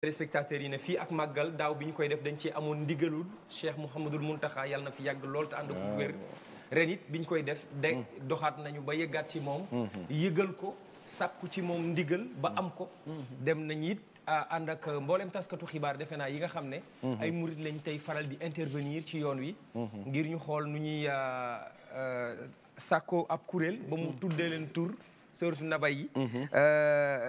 téléspectateurs yi ne fii ak màggal daaw bi ñu koy def dañ ci amoon ndigalul Cheikh Mouhamadul Mountakha yàlla na fi yàgg lool te ànd ak ah. wér ren it bi ñu koy def de hmm. doxaat nañu ba yëggaat ci moom hmm. yëgal ko sàkku ci moom ndigal ba am ko hmm. dem nañ it ànd ak mboolem taskatu xibaar defe naa yi nga xam ne ay murit lañ tey faral di intervenir ci yoon wi ngir ñu xool nu ñuy sàkkoo ab kuréel ba mu tuddee leen tur sortu nabay yi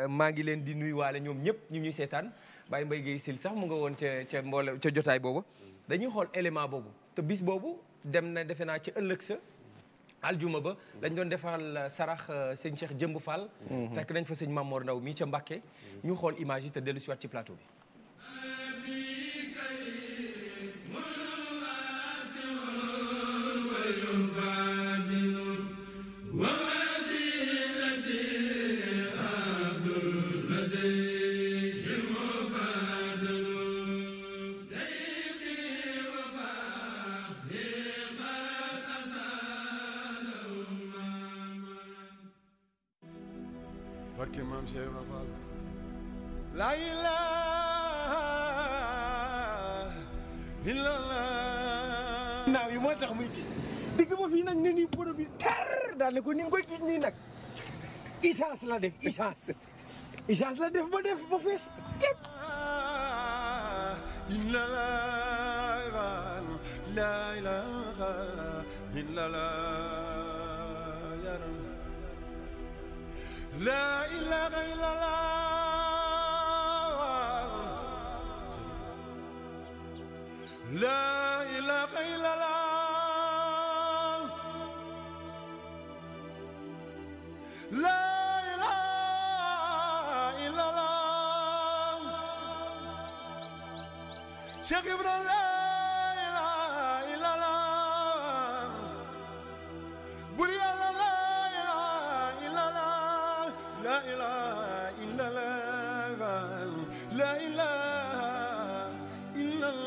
maa ngi leen di nuyuwaale ñoom ñëpp ñu ñuy seetaan Baye mbay Guèye Syll sax mu nga woon ca ca mboole ca jotaay boobu dañuy xool élément boobu te bis boobu dem na defe naa ca ëllëg sa aljuma ba dañ doon defal sarax euh, sëñ Cheikh Jëmb Fall mhm. fekk nañ fa sëñ Mamor Ndaw mii ca Mbàkke mhm. ñu xool image yi te dellu si ci plateau bi barke maam Cheikh Ibra laa ilaaha illallah naaw yi moo tax muy gis fii nag ne nii borom bi daal ne ko ni nga koy gis nii nag essence la def essence essence la def ba def ba fees képp illallah laa ilaaha illallah laa ilaaha illallaah laa ilaaha illallaah laa ilaaha illallaah Cheikh Ibrahima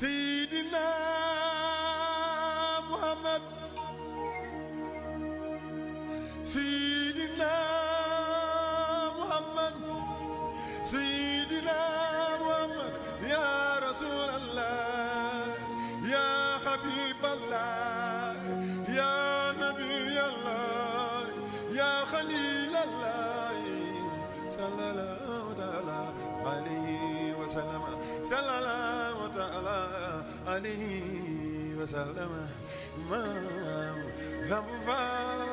Seydina Muhammad Seydina Muhammad Seydina Muhammad yaa Rasuulallah yaa Habiiballah yaa Nabiyallah yaa Khaliilallah sallallahu alayhi wa sallam تعالى عليه وسلم إمام لمفال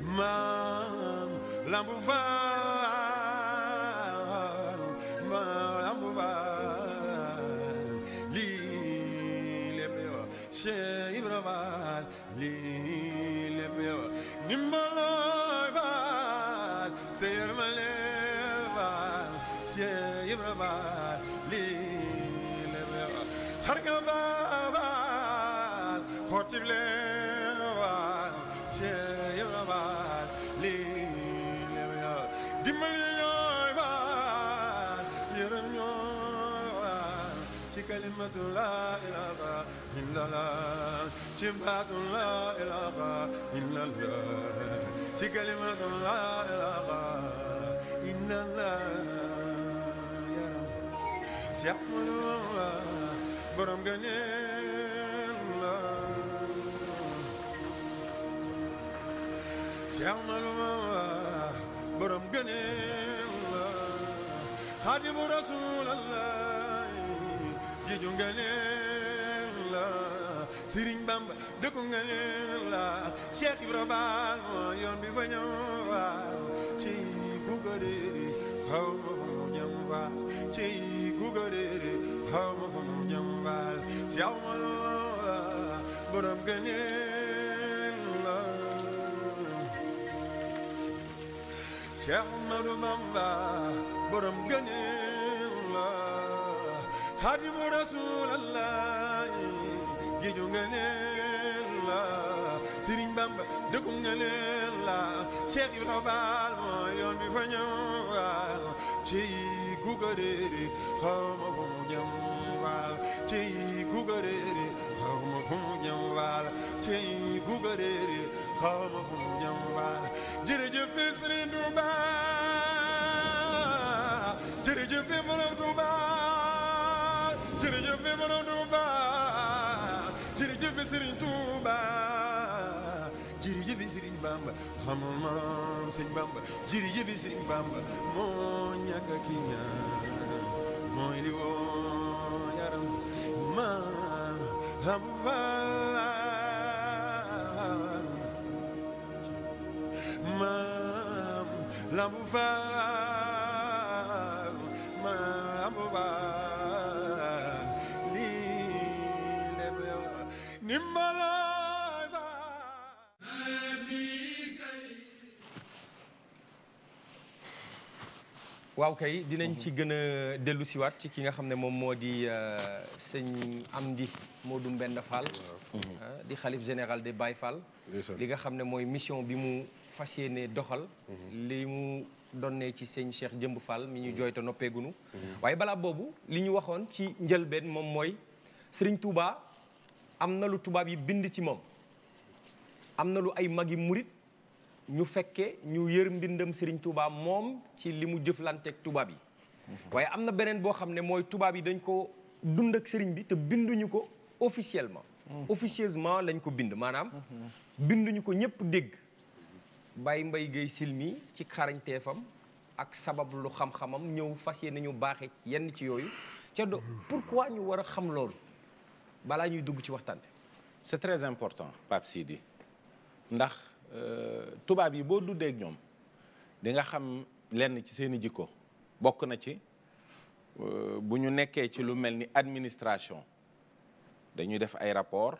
مام لمفال مام لمفال لي لبيو شيء بربال لي لبيو نمبر سير ملك Cheikh Ibra Fall lii la xar nga baal xottib leen waal Cheikh Ibra Fall lii la dimbali ñooy waal yërëm ñooy waal ci kalimatu laa ilaaha illallaah ci baatu laa ilaaha illallaah ci kalimatu laa ilaaha Cheikh borom gëneel la Cheikh la xaadimu rasulallah jiju gëneel la Sëriñ Bamba dëkku gëneel la Cheikh Ibra Faal moo yoon bi fa ñëwaat ci bu ko réeri xaw ci ceyi gugadere hawma fono jambal jawmalo borom ganel cheikh madou bamba borom ganel bamba dëkku ganel la cheikh ibrahima bi fa ñëw gugarere xawma fu mu jëm waal cey gugarere xawma fu mu jëm waal cey gugarere xawma fu mu jëm waal jërëjëf Sëriñ Tuubaa Bamba amul morom sëñ Bamba jërëjëfi sëñ Bamba moo ñàkk ki ñaan mooy li woo yaram ma am faal maam lambu faal maam lambu faal lii lebe nimbalaa waaw kay dinañ mhm. ci gën a dellu siwaat ci ki nga xam ne moom moo di euh, sëñ Amdi Modou Mbenda Fall ah, di xalif général de Baye Fall li nga xam ne mooy mission bi mu fas yéene doxal mhm. li mu donne ci sëñ Cheikh Jëmb Fall mi ñu mhm. jooyta noppeegunu waaye balaa boobu li ñu waxoon ci njëlbeen moom mooy sëriñ Touba am na lu tubaab yi bind ci moom am na lu ay magi murit ñu fekke ñu yër mbindam Serigne Touba moom ci li mu jëflanteeg tubaab yi. Mhm. waaye am na beneen boo xam ne mooy tubaab yi dañ ko dund ak Serigne bi te binduñu ko officiellement. Mhm. officieusement lañ ko bind maanaam. Mhm. binduñu ko ñëpp dégg. Baye Mbaye Guèye silmi ci xarañteefam ak sabab lu xam-xamam ñëw fas yéene ñu baaxee yenn ci yooyu ca do pourquoi ñu war a xam loolu balaa ñuy dugg ci waxtaan. bi c'est très important Pape Sidi ndax. Euh, tubaab yi boo dundee ak ñoom di nga xam lenn ci seeni jikko bokk na ci euh, bu ñu nekkee ci lu mel ni administration dañuy def ay rapport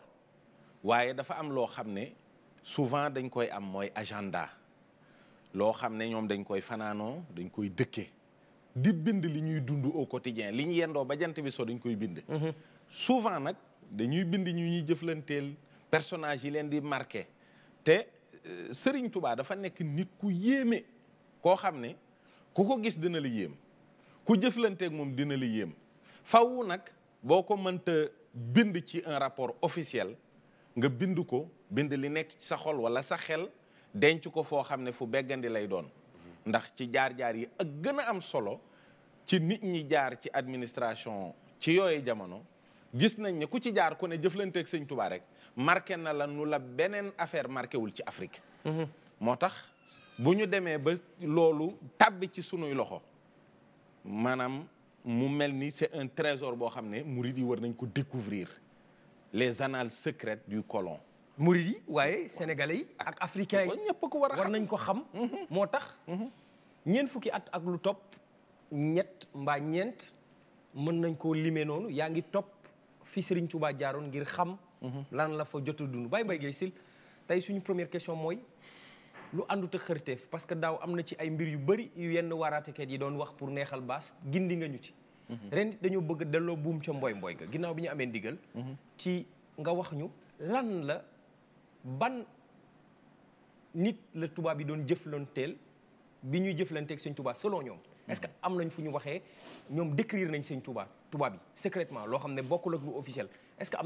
waaye dafa am loo xam ne souvent dañ koy am mooy agenda loo xam ne ñoom dañ koy fanaanoo dañ koy dëkke di bind li ñuy dund au quotidien li ñu yendoo ba jant bi so dañ koy bind mm-hmm. souvent nag dañuy bind ñu ñuy jëflanteel personnage yi leen di marqué te Serigne tubaa dafa nekk nit ku yéeme koo xam ne ku ko gis dina la yéem ku jëflanteeg moom dina la yéem fawu nag boo ko mënta bind ci un rapport officiel nga bind ko bind li nekk sa xol wala sa xel denc ko foo xam ne fu beggandi lay doon ndax ci jaar-jaar yi ak gën a am solo ci nit ñi jaar ci administration ci yooyu jamono gis nañ ne ku ci jaar ko ne jëflanteeg sëñ Touba rek marqué na la nu la beneen affaire marqué wul ci Afrique. Mhm. moo tax bu ñu demee ba loolu tàbbi ci sunuy loxo maanaam mu mel ni c'est un trésor boo xam ne murid yi nañ ko découvrir les annales secrètes du colon. murid yi waaye sénégalais yi ak africains yi ñëpp ko war a xam nañ ko xam. Mhm. moo tax mhm. ñeent fukki at ak lu topp ñett mbaa ñeent mën nañ ko limee noonu yaa ngi topp fi Serigne Touba jaaroon ngir xam. lan la fa jot a dund Baye Mbaye Guèye Syll tey suñu première question mooy lu àndut ak xërteef parce que daaw am na ci ay mbir yu bëri yu yenn waaraatekat yi doon wax pour neexal baas gindi nga ñu ci. Mhm. ren dañoo bëgg delloo buum ca mboy mboy ga ginnaaw bi ñu amee ndigal. Mhm. ci nga wax ñu lan la ban nit la tubaab yi doon jëflanteel bi ñuy jëflanteeg sëñ Tuubaa selon ñoom. Mhm. est-ce que am nañ fu ñu waxee ñoom décrire nañ sëñ Tuubaa tubaab yi secrètement loo xam ne bokkul est-ce